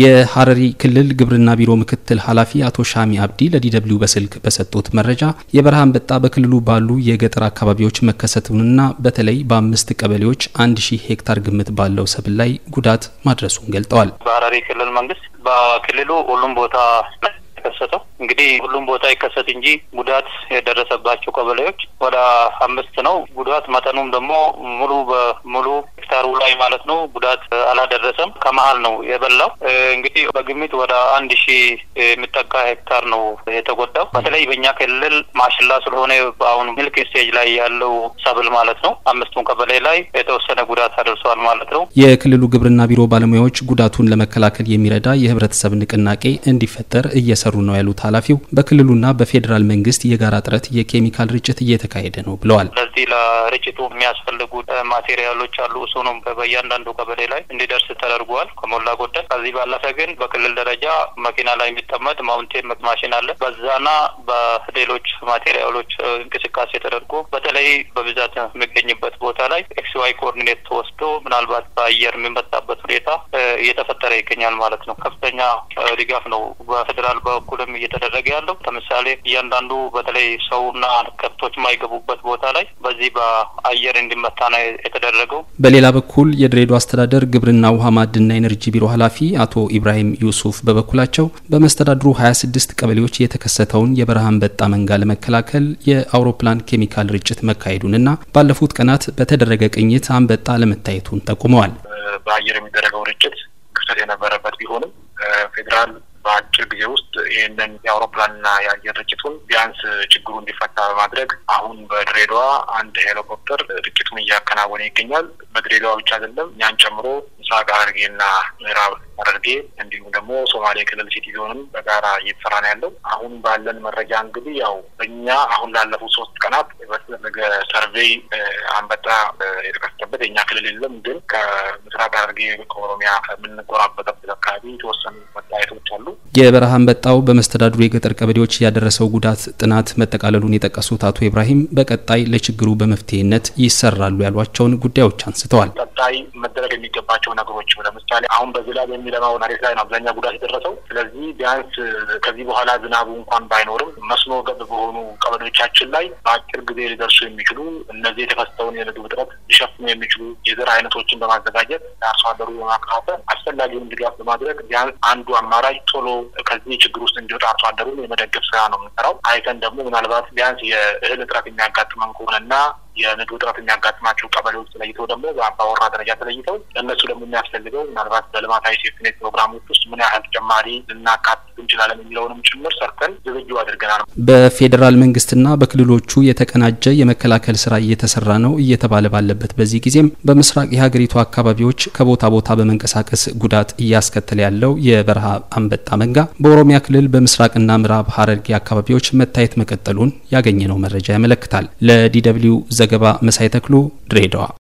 የሐረሪ ክልል ግብርና ቢሮ ምክትል ኃላፊ አቶ ሻሚ አብዲ ለዲደብሊው በስልክ በሰጡት መረጃ የበረሃ አንበጣ በክልሉ ባሉ የገጠር አካባቢዎች መከሰቱንና በተለይ በአምስት ቀበሌዎች አንድ ሺህ ሄክታር ግምት ባለው ሰብል ላይ ጉዳት ማድረሱን ገልጠዋል። በሐረሪ ክልል መንግስት በክልሉ ሁሉም ቦታ የተከሰተው እንግዲህ ሁሉም ቦታ ይከሰት እንጂ ጉዳት የደረሰባቸው ቀበሌዎች ወደ አምስት ነው። ጉዳት መጠኑም ደግሞ ሙሉ በሙሉ ላይ ማለት ነው ጉዳት አላደረሰም። ከመሀል ነው የበላው። እንግዲህ በግምት ወደ አንድ ሺህ የሚጠጋ ሄክታር ነው የተጎዳው። በተለይ በእኛ ክልል ማሽላ ስለሆነ በአሁኑ ሚልክ ስቴጅ ላይ ያለው ሰብል ማለት ነው አምስቱን ቀበሌ ላይ የተወሰነ ጉዳት አደርሰዋል ማለት ነው። የክልሉ ግብርና ቢሮ ባለሙያዎች ጉዳቱን ለመከላከል የሚረዳ የህብረተሰብ ንቅናቄ እንዲፈጠር እየሰሩ ነው ያሉት ኃላፊው በክልሉና በፌዴራል መንግስት የጋራ ጥረት የኬሚካል ርጭት እየተካሄደ ነው ብለዋል። ለዚህ ለርጭቱ የሚያስፈልጉ ማቴሪያሎች አሉ ነው በእያንዳንዱ ቀበሌ ላይ እንዲደርስ ተደርጓል ከሞላ ጎደል። ከዚህ ባለፈ ግን በክልል ደረጃ መኪና ላይ የሚጠመድ ማውንቴን ማሽን አለ። በዛና በሌሎች ማቴሪያሎች እንቅስቃሴ ተደርጎ በተለይ በብዛት የሚገኝበት ቦታ ላይ ኤክስ ዋይ ኮኦርዲኔት ተወስዶ ምናልባት በአየር የሚመጣበት ሁኔታ እየተፈጠረ ይገኛል ማለት ነው። ከፍተኛ ድጋፍ ነው በፌዴራል በኩልም እየተደረገ ያለው። ለምሳሌ እያንዳንዱ በተለይ ሰውና ከብቶች የማይገቡበት ቦታ ላይ በዚህ በአየር እንዲመታ ነው የተደረገው። በሌላ በኩል የድሬዳዋ አስተዳደር ግብርና፣ ውሃ፣ ማዕድንና ኤነርጂ ቢሮ ኃላፊ አቶ ኢብራሂም ዩሱፍ በበኩላቸው በመስተዳድሩ 26 ቀበሌዎች የተከሰተውን የበረሃ አንበጣ መንጋ ለመከላከል የአውሮፕላን ኬሚካል ርጭት መካሄዱንና ባለፉት ቀናት በተደረገ ቅኝት አንበጣ ለመታየቱን ጠቁመዋል። በአየር የሚደረገው ርጭት ክፍተት የነበረበት ቢሆንም ፌዴራል በአጭር ጊዜ ውስጥ ይህንን የአውሮፕላንና የአየር ርጭቱን ቢያንስ ችግሩ እንዲፈታ በማድረግ አሁን በድሬዳዋ አንድ ሄሊኮፕተር ርጭቱን እያከናወነ ይገኛል። በድሬዳዋ ብቻ አይደለም፣ እኛን ጨምሮ ምስራቅ ሐረርጌና ምዕራብ ሐረርጌ እንዲሁም ደግሞ ሶማሌ ክልል ሲቲ ዞንም በጋራ እየተሰራ ነው ያለው። አሁን ባለን መረጃ እንግዲህ ያው በእኛ አሁን ላለፉት ሶስት ቀናት በተደረገ ሰርቬይ አንበጣ ያለበት የኛ ክልል የለም፣ ግን ከምስራቅ ሐረርጌ ከኦሮሚያ ከምንጎራበተበት አካባቢ የተወሰኑ መታየቶች አሉ። የበረሃ አንበጣው በመስተዳድሩ የገጠር ቀበሌዎች ያደረሰው ጉዳት ጥናት መጠቃለሉን የጠቀሱት አቶ ኢብራሂም በቀጣይ ለችግሩ በመፍትሄነት ይሰራሉ ያሏቸውን ጉዳዮች አንስተዋል። ቀጣይ መደረግ የሚገባቸው ነገሮች ለምሳሌ አሁን በዝናብ የሚለማው መሬት ላይ ነው አብዛኛው ጉዳት የደረሰው። ስለዚህ ቢያንስ ከዚህ በኋላ ዝናቡ እንኳን ባይኖርም መስኖ ገብ በሆኑ ቀበሌዎቻችን ላይ በአጭር ጊዜ ሊደርሱ የሚችሉ እነዚህ የተከሰተውን የምግብ እጥረት ሊሸፍኑ የሚችሉ የዘር አይነቶችን በማዘጋጀት ለአርሶ አደሩ በማከፋፈል አስፈላጊውን ድጋፍ በማድረግ ቢያንስ አንዱ አማራጭ ቶሎ ከዚህ ችግር ውስጥ እንዲወጣ አርሶ አደሩን የመደገፍ ስራ ነው የምንሰራው። አይተን ደግሞ ምናልባት ቢያንስ የእህል እጥረት የሚያጋጥመን ከሆነና የምግብ እጥረት የሚያጋጥማቸው ቀበሌዎች ተለይተው ደግሞ በአባወራ ደረጃ ተለይተው እነሱ ደግሞ የሚያስፈልገው ምናልባት በልማታዊ ሴፍትኔት ፕሮግራሞች ውስጥ ምን ያህል ተጨማሪ ልናካትት እንችላለን የሚለውንም ጭምር ሰርተን ዝግጁ አድርገናል። በፌዴራል መንግስትና በክልሎቹ የተቀናጀ የመከላከል ስራ እየተሰራ ነው እየተባለ ባለበት በዚህ ጊዜም በምስራቅ የሀገሪቱ አካባቢዎች ከቦታ ቦታ በመንቀሳቀስ ጉዳት እያስከተለ ያለው የበረሃ አንበጣ መንጋ በኦሮሚያ ክልል በምስራቅና ምዕራብ ሀረርጌ አካባቢዎች መታየት መቀጠሉን ያገኘነው መረጃ ያመለክታል። ለዲ ዘገባ መሳይ ተክሉ ድሬዳዋ